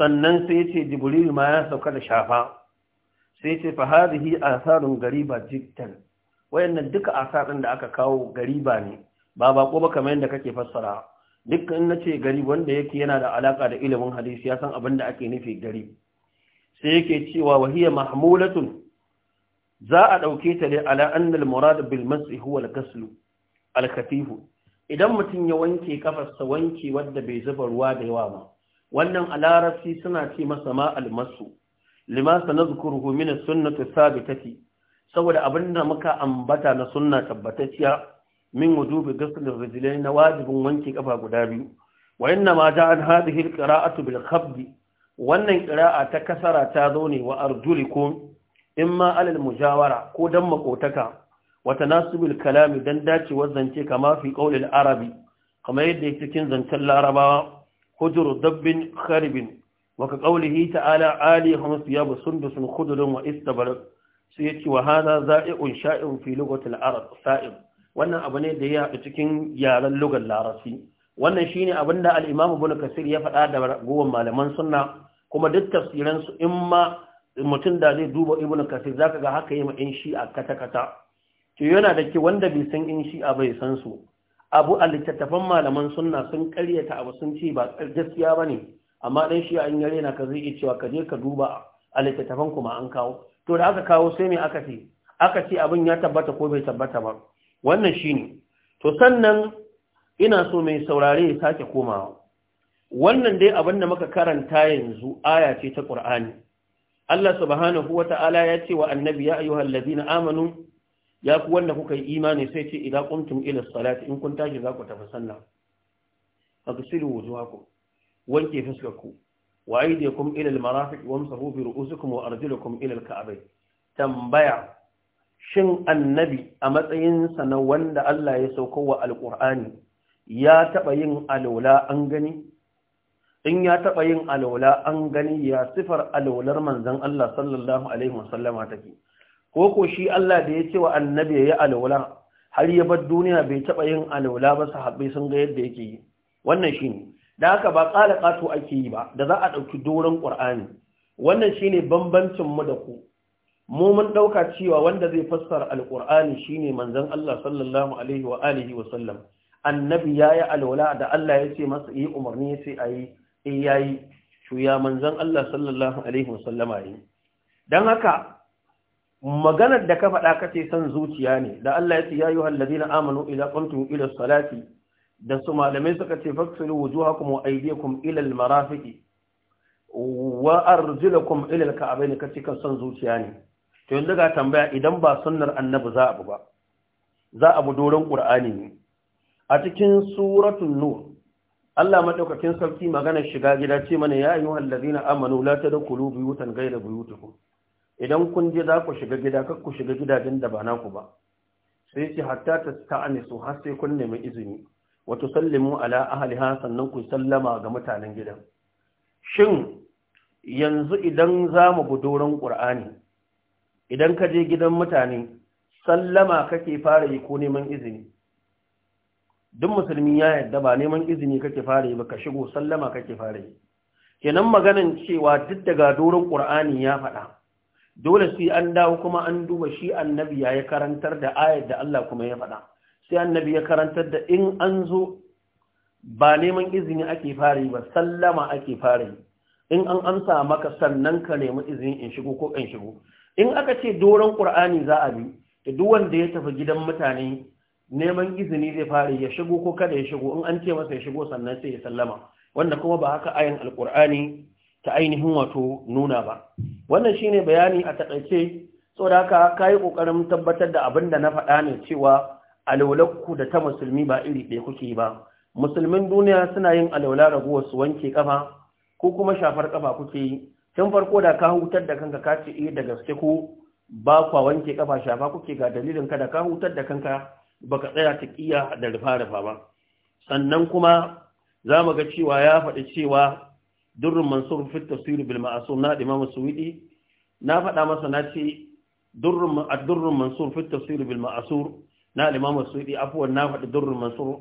sannan sai ce jibril ma ya sauka da shafa sai ce fa hadhihi asarun gariba jiddan wayannan duka asarin da aka kawo gariba ne ba ko ba kamar yadda kake fassara dukkan nace gari wanda yake yana da alaka da ilimin hadisi ya san abin da ake nufi gari sai yake cewa wahiya mahmulatun za a dauke ta ne ala annal murad bil masi huwa al kaslu al khatifu idan mutum ya wanke kafarsa wanke wanda bai zuba ruwa da yawa ba wannan a larabci suna ce masa ma almasu lima sanazkuruhu min as-sunnati sabitati saboda da muka ambata na sunna tabbatacciya min wujubi ghusl ar-rijlayn na wajibin wanke kafa guda biyu wa inna ma ja'an hadhihi al-qira'atu bil khabd wannan qira'a ta kasara ta zo ne wa arjulikum imma alal mujawara ko dan makotaka wa tanasubil kalami dan dacewar zance kama fi qawlil arabi kamar yadda yake cikin zancen larabawa hujur dabbin kharibin wa ka qawlihi ta'ala alihum thiyab sundusun khudrun wa istabar sai yace wa hadha za'i'un sha'in wannan abu ne da ya haɗu cikin yaren lugar larabci wannan shine abin da al-imam kasir ya faɗa da ragowar malaman sunna kuma duk tafsiransu in ma mutum da zai duba ibn kasir zaka ga haka yi ma in shi'a kata kata Ke yana da ke wanda bai san in shi'a bai san su abu a littattafan malaman sunna sun karyata abu sun ce ba gaskiya ba ne amma ɗan shi an yare na ka zai cewa ka je ka duba a littattafan kuma an kawo to da aka kawo sai me aka ce aka ce abin ya tabbata ko bai tabbata ba wannan shi ne. to sannan ina so mai saurare ya sake komawa wannan dai abin da muka karanta yanzu aya ce ta Ƙur'ani. Allah subhanahu Ta'ala ya ce wa annabi ya ayyuhal ladina amanu ya fi wanda kuka yi imani sai ce idan kuntum ila salati in kun tashi za ku tafi sallah fagsilu wujuhakum wanke fuskarku wa aydikum ila almarafiq wamsahu bi ru'usikum wa arjulakum ila alka'bayn tambaya shin annabi a sa na wanda Allah ya sauko wa alqur'ani ya taba yin alwala an gani in ya taba yin alwala an gani ya sifar alwalar manzon Allah sallallahu alaihi wasallama take ko ko shi Allah da ya ce wa annabi ya yi alwala har ya bar duniya bai taɓa yin alwala ba sahabbai sun ga yadda yake yi wannan shi ne da haka ba ƙala ƙato ake yi ba da za a ɗauki doron ƙur'ani wannan shi ne bambancin mu da ku mu mun ɗauka cewa wanda zai fassara alƙur'ani shi ne manzon Allah sallallahu alaihi wa alihi wa sallam annabi ya yi alwala da Allah ya ce masa yi umarni ya ce a yi in eh, ya yi shuya manzon Allah sallallahu alaihi wa sallama yi don haka maganar da ka faɗa kace san zuciya ne da Allah ya ce ya ayyuhal ladina amanu idza qumtum ila salati da su malamai suka ce faksilu wujuhakum wa aydiyakum ila al marafiqi wa arjulakum ila al ka'bayn kace kan san zuciya ne to yanzu ga tambaya idan ba sunnar annabi za a ba za a bu doron qur'ani ne a cikin suratun nur Allah madaukakin sarki magana shiga gida ce mana ya ayyuhal ladina amanu la tadkhulu buyutan ghayra buyutikum idan kun je za ku shiga gida kar ku shiga gidajen da ba naku ba sai ce hatta ta ta'anisu har sai kun nemi izini wato sallimu ala ha sannan ku sallama ga mutanen gidan shin yanzu idan za mu doron qur'ani idan ka je gidan mutane sallama kake fara yi ko neman izini duk musulmi ya yadda ba neman izini kake fara yi ba ka shigo sallama kake fara yi kenan maganin cewa duk daga doron qur'ani ya faɗa dole sai an dawo kuma an duba shi annabi ya yi karantar da ayar da Allah kuma ya faɗa sai annabi ya karantar da in an zo ba neman izini ake fari ba sallama ake fari. in an amsa maka sannan ka nemi izini in shigo ko in shigo in aka ce doron ƙur'ani za a bi da duk wanda ya tafi gidan mutane neman izini zai fari ya shigo ko kada ya shigo in an ce masa ya shigo sannan sai ya sallama wanda kuma ba haka ayin alƙur'ani ta ainihin wato nuna ba wannan shine bayani a taƙaice saboda haka yi ƙoƙarin tabbatar da abin da na faɗa ne cewa ku da ta musulmi ba iri ɗaya kuke ba musulmin duniya suna yin alawla raguwar su wanke ƙafa, ko kuma shafar ƙafa kuke yi tun farko da ka hutar da kanka ka ce iya eh, da gaske ko ba kwa wanke ƙafa shafa kuke ga dalilin ka da ka hutar da kanka ba ka tsaya ƙiya da rufa rufa ba sannan kuma za mu ga cewa ya faɗi cewa durrun mansur fi tafsir bil ma'sum na imam suwidi na faɗa masa na ce durrun ad-durrun mansur fi tafsir bil ma'sur na imam suwidi afwan na faɗi durrun mansur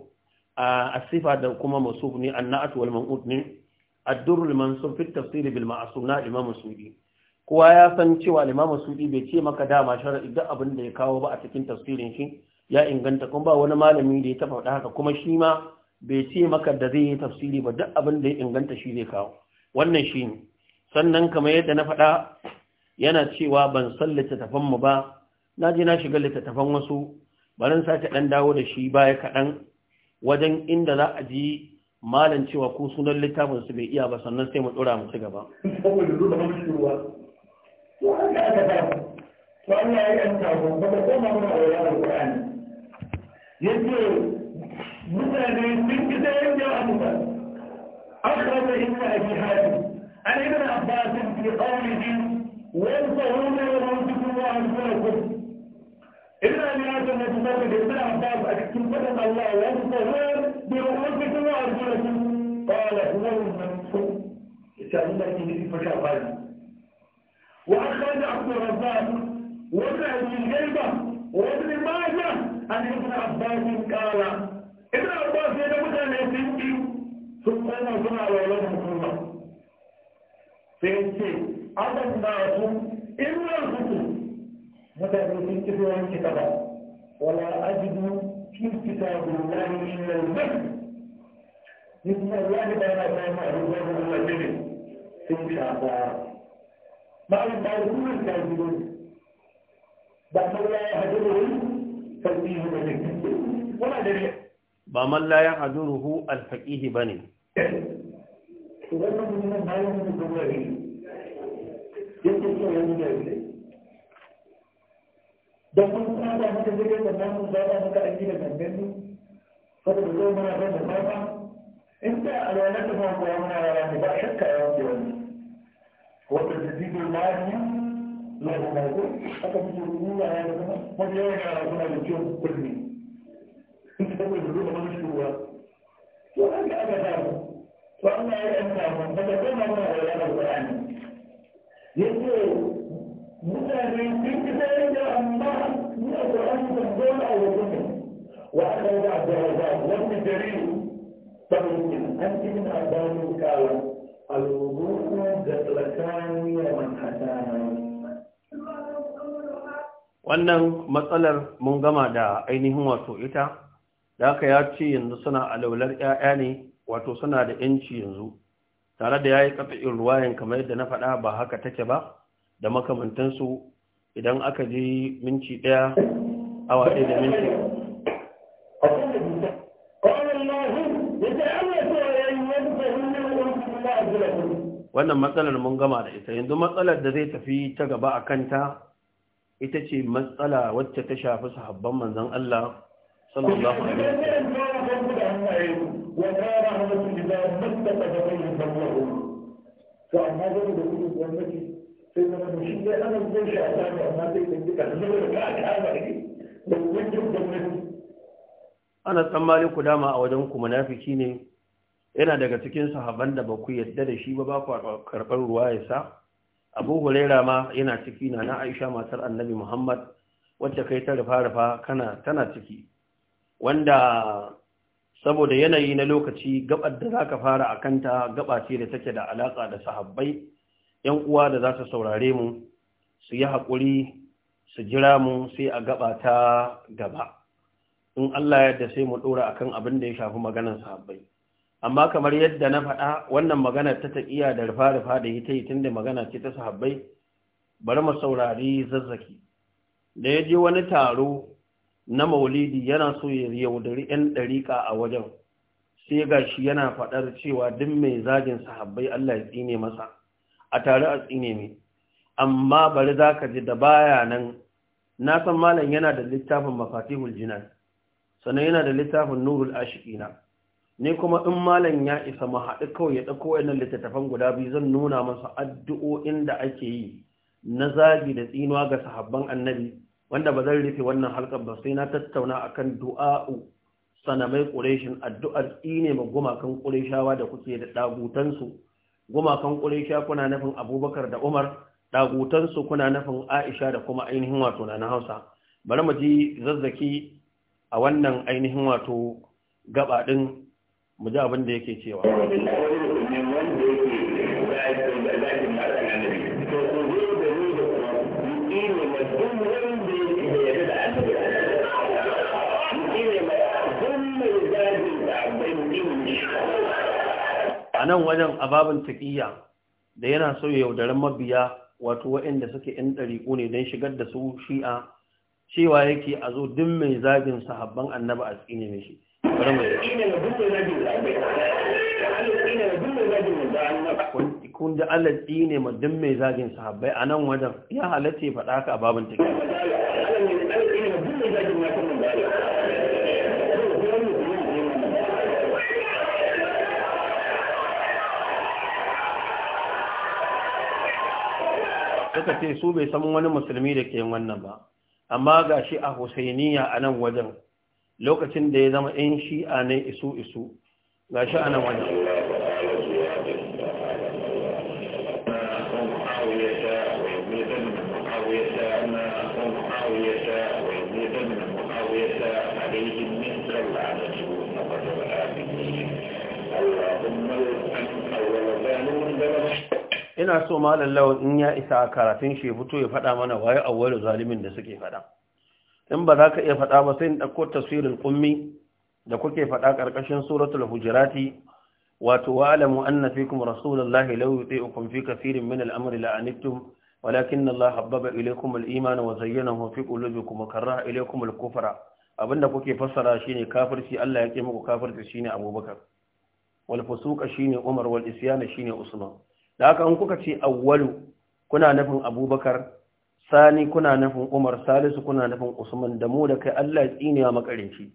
a sifa da kuma masuf ne annat wal man'ut ne ad-durrul mansur fi tafsir bil ma'sum na imam suwidi kowa ya san cewa limamu sudi bai ce maka dama shara'i duk abin da ya kawo ba a cikin tafsirin shi ya inganta kuma ba wani malami da ya tafa haka kuma shi ma bai ce maka da zai yi tafsiri ba duk abin da ya inganta shi zai kawo wannan shi ne sannan kamar yadda na faɗa yana cewa ban san littattafan mu ba na je na shiga littattafan wasu barin sake ɗan dawo da shi baya kaɗan wajen inda za a ji malam cewa ko sunan littafin su bai iya ba sannan sai mu ɗora mu ci gaba. Yake mutane sun fi da yadda a أخرج إلى أجهاده عن ابن عباس في قوله وانتهون لأنفسكم وأنفسكم ابن أبي آدم يتمرد ابن عباس أكتبهم الله وانصرون برؤوسكم وأرجلكم قال هو المنصور سألتني فشغل وأخرج عبد الرزاق وابن أبي الجيبة وابن ماجه عن ابن عباس قال ابن عباس يقول أنا سنتي sun koma suna yawon hukuma sai ce adam na su illa hutu mutane sun kifi wani kitaba wala ajidu fi kitabillahi illa al-masjid بسم الله تعالى ما الله هو الذي في شعبا ما الموضوع الكاذبون بأن الله يهدره فالدين هو الذي ولا دليل ba man la ya haduruhu alfaqihi bane da kun kuma da haka zai da namun zaba muka an gina gangan kada da zai mana da zaba in da alwalar da ba kuwa muna rara ba shakka ya wuce wani wata jididin lafiya na da aka fi jirgin nuna ya da zama wani yawan yara suna da ciwon kulmi in ka kawai da zuwa wani shugaba to an ga aka samu to Allah ya yi samu daga kuma muna da yana Qur'ani yace mutane sun ki sai da amma ni a Qur'ani ban dole a wajen wa aka yi da Abdurrazzaq wannan jarir saboda an ci min abanu kawa al-wudu da tsakani wa man hatana wannan matsalar mun gama da ainihin wato ita daka ya ce yanzu suna alaular 'ya'ya ne wato suna da 'yanci yanzu tare da ya yi ƙafi'in ruwayan kamar yadda na faɗa ba haka take ba da makamantansu idan aka je minci ɗaya awa ɗaya da minci wannan matsalar mun gama da ita yanzu matsalar da zai tafi ta gaba a kanta ita ce matsala wacce ta shafi sahabban manzon Allah sallallahu alaihi wasallam to ana a wajen tsammanin ku dama a wajen ku munafiki ne yana daga cikin sahaban da ba ku yadda da shi ba ba ku karɓar ruwa ya sa abu hulaira ma yana ciki na na aisha matar annabi muhammad wacce kai ta rufa rufa kana tana ciki wanda saboda yanayi na lokaci gabar da za ka fara a kanta gaba ce da take da alaƙa da sahabbai yan uwa da za su saurare mu su yi haƙuri su jira mu sai a gaba ta gaba in Allah yadda sai mu ɗora akan abin da ya shafi maganar sahabbai amma kamar yadda na faɗa wannan maganar ta taƙiya da rufa-rufa da ita yi tunda magana ce ta sahabbai bari mu saurari zazzaki da ya je wani taro na maulidi yana so ya yaudari 'yan ɗariƙa a wajen sai ga shi yana faɗar cewa duk mai zagin sahabbai Allah ya tsine masa a tare a tsine mai amma bari za ka ji da baya nan na san malam yana da littafin mafatihul jinan sannan yana da littafin nurul ashiqina ne kuma in malam ya isa mu haɗu kawai ya ɗauko wayannan littattafan guda biyu zan nuna masa addu'o'in da ake yi na zagi da tsinuwa ga sahabban annabi wanda ba zan rufe wannan halkar ba sai na tattauna akan du'a'u sanamai ƙureshin addu'ar tsine ma gumakan ƙureshawa da kuke da ɗagutansu gumakan ƙuresha kuna nufin abubakar da umar ɗagutansu kuna nufin aisha da kuma ainihin wato na hausa bari mu ji zazzaki a wannan ainihin wato gaba ɗin mu ji abin da yake cewa a nan wajen ababin taƙiyya da yana so ya yaudaran mabiya wato waɗanda suke ‘yan ɗariƙo ne don shigar da su shi'a cewa yake a zo duk mai zagin sahabban annaba a tsine mai shi. kun da Allah tsine ma duk mai zagin sahabbai a nan wajen ya halatta ya faɗa ka a babin taƙiyya. suka ce su bai san wani musulmi da ke wannan ba amma ga shi a husainiya a nan wajen lokacin da ya zama 'yan shi'a ne isu isu ga shi a nan wajen ina so malam lawan in ya isa a karatun shi fito ya faɗa mana waye awwalu zalimin da suke faɗa in ba za ka iya faɗa ba sai in ɗauko tasirin ƙummi da kuke faɗa ƙarƙashin suratul hujurati wato wa alamu anna fikum rasulullahi law yuti'ukum fi kathirin min al-amri la anittum walakin Allah habbaba ilaykum al-iman wa zayyanahu fi qulubikum wa karraha, ilaykum al-kufra abinda kuke fassara shine kafirci Allah ya ke muku kafirci shine Abubakar wal fusuqa shine Umar wal isyana shine Usman da haka in kuka ce awwalu kuna nufin abubakar sani kuna nufin umar salisu kuna nufin usman da mu da kai allah ya tsinewa makarinci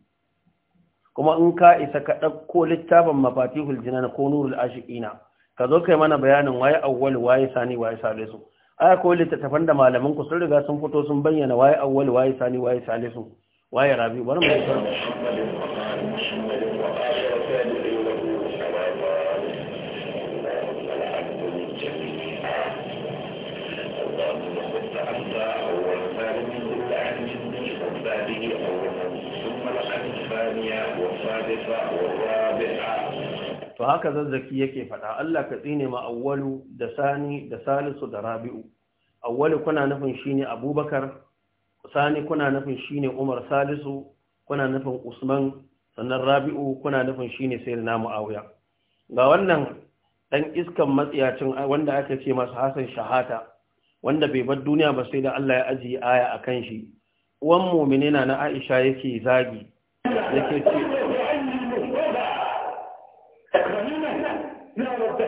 kuma in ka isa ka ɗauko littafin mafatihul jina ko nurul ashiqina ka zo kai mana bayanin waye awwalu waye sani waye salisu ai ko littattafan da malaman ku sun riga sun fito sun bayyana waye awwalu waye sani waye salisu waye rabi bari mu to haka zazzaki yake faɗa Allah ka tsine ma awwalu da sani da salisu da rabi'u awwalu kuna nufin shine abubakar sani kuna nufin shine umar salisu kuna nufin usman sannan rabi'u kuna nufin shine sayyidina muawiya ga wannan dan iskan matsiyacin wanda aka ce masa hasan shahata wanda bai bar duniya ba sai da Allah ya ajiye aya akan shi uwan mu'minina na Aisha yake zagi yake ce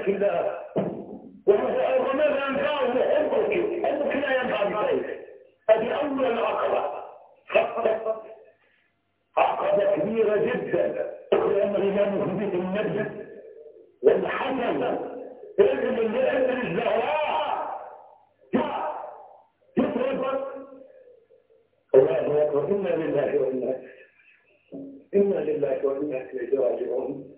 في الله وماذا ينفعه حبك حبك لا ينفع بشيء هذه أول عقبة فقط عقبة كبيرة جدا لأن الإمام في بيت المسجد والحسن رجل اللي أدري الزهراء يتربط الله أكبر إنا لله وإنا إنا لله وإنا إليه راجعون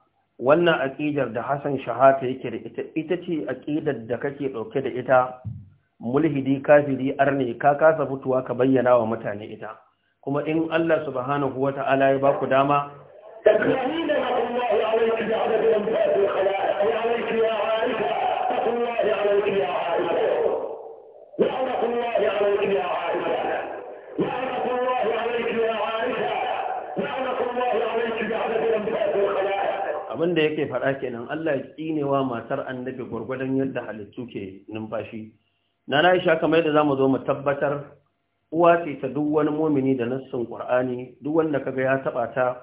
wannan aƙidar da Hassan Shahata yake da ita ita ce aƙidar da kake ɗauke da ita mulhidi kafiri arne ka kasa fituwa ka bayyana wa mutane ita kuma in Allah subhanahu wata'ala ya baku dama تكلمين الله عليك بعدد أنفاس الخلائق عليك يا عارفة abin da yake faɗa kenan Allah ya wa matar annabi gwargwadon yadda halittu ke numfashi na na isha kamar yadda zamu zo mu tabbatar uwa ce ta duk wani mumini da nassin qur'ani duk wanda kaga ya taɓa ta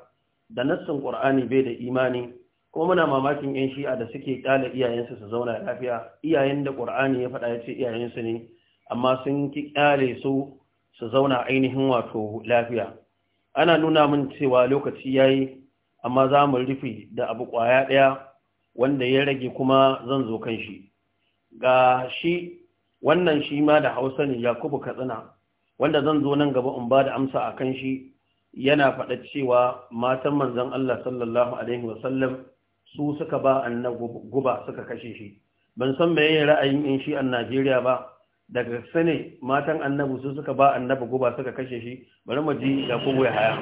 da nassin qur'ani bai da imani kuma muna mamakin yan shi'a da suke ƙyale iyayensu su zauna lafiya iyayen da ƙur'ani ya faɗa ya ce iyayensu ne amma sun ki ƙyale su su zauna ainihin wato lafiya ana nuna min cewa lokaci yayi amma za mu rufe da abu ƙwaya ɗaya wanda ya rage kuma zan zo kan shi ga shi wannan shi ma da hausa ne yakubu katsina wanda zan zo nan gaba in ba da amsa a kan shi yana faɗa cewa matan manzon Allah sallallahu alaihi wasallam su suka ba annabi guba suka kashe shi ban san me yayin ra'ayin in shi a Najeriya ba daga sane matan annabi su suka ba annabi guba suka kashe shi bari mu ji yakubu ya haya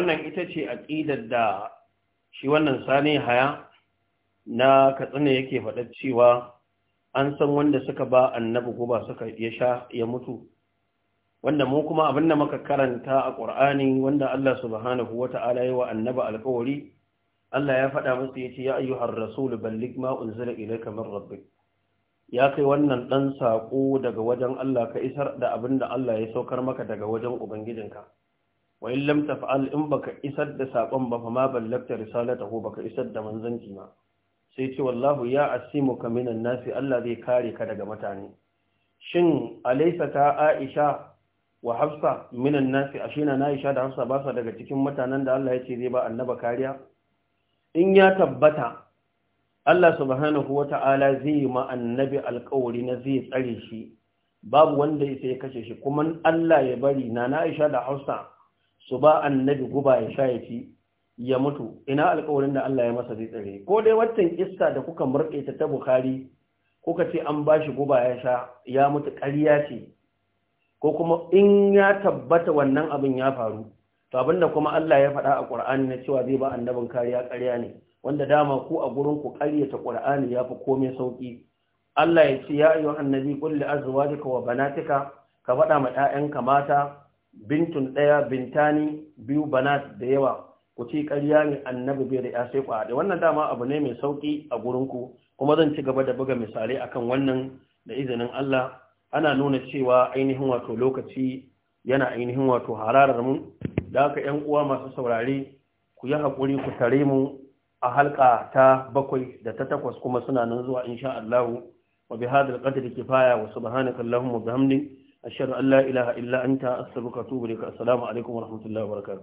wannan ita ce aƙidar da shi wannan sani haya na katsina yake faɗa cewa an san wanda suka ba annabi guba suka ya sha ya mutu wanda mu kuma abin da muka karanta a ƙur'ani wanda Allah subhanahu wata'ala yi wa annabi alƙawari Allah ya faɗa musu ya ce ya ayyuhar rasul balligh ma unzila ilayka min rabbik ya kai wannan dan sako daga wajen Allah ka isar da abin da Allah ya saukar maka daga wajen ubangijinka wa in lam taf'al in baka isar da sakon ba fa ma ballagta risalatahu baka isar da manzanci ma sai ce wallahu ya asimuka minan nasi Allah zai kare ka daga mutane shin alaysa ta Aisha wa Hafsa minan nasi ashina na Aisha da Hafsa ba daga cikin mutanen da Allah ya ce zai ba annaba kariya in ya tabbata Allah subhanahu wa ta'ala zai yi annabi alƙawari na zai tsare shi, babu wanda ya sai kashe shi, kuma Allah ya bari na na'isha da Hausa su ba annabi guba ya sha ya ya mutu ina alƙawarin da Allah ya masa zai tsare ko dai watan kissa da kuka murƙe ta ta Bukhari kuka ce an bashi guba ya sha ya mutu ƙarya ce ko kuma in ya tabbata wannan abin ya faru to abinda kuma Allah ya faɗa a Qur'ani na cewa zai ba annabin kariya ƙarya ne wanda dama ku a gurin ku ƙaryata Qur'ani yafi komai sauki Allah ya ce ya ayyuhan annabi qul li azwajika wa banatika ka faɗa ma ƴaƴanka mata bintun ɗaya bintani biyu banat da yawa ku ci ƙarya ne annabi bai da sai ku haɗe wannan dama abu ne mai sauƙi a gurinku kuma zan ci gaba da buga misalai akan wannan da izinin Allah ana nuna cewa ainihin wato lokaci yana ainihin wato hararar mu da haka ƴan uwa masu saurare ku yi hakuri ku tare mu a halka ta bakwai da ta takwas kuma suna nan zuwa insha Allah wa bihadal qadri kifaya wa subhanakallahumma wa bihamdika a an allah ilaha illa anta astaghfiruka wa atubu ilaik assalamu alaikum wa rahmatullahi wa barakatuh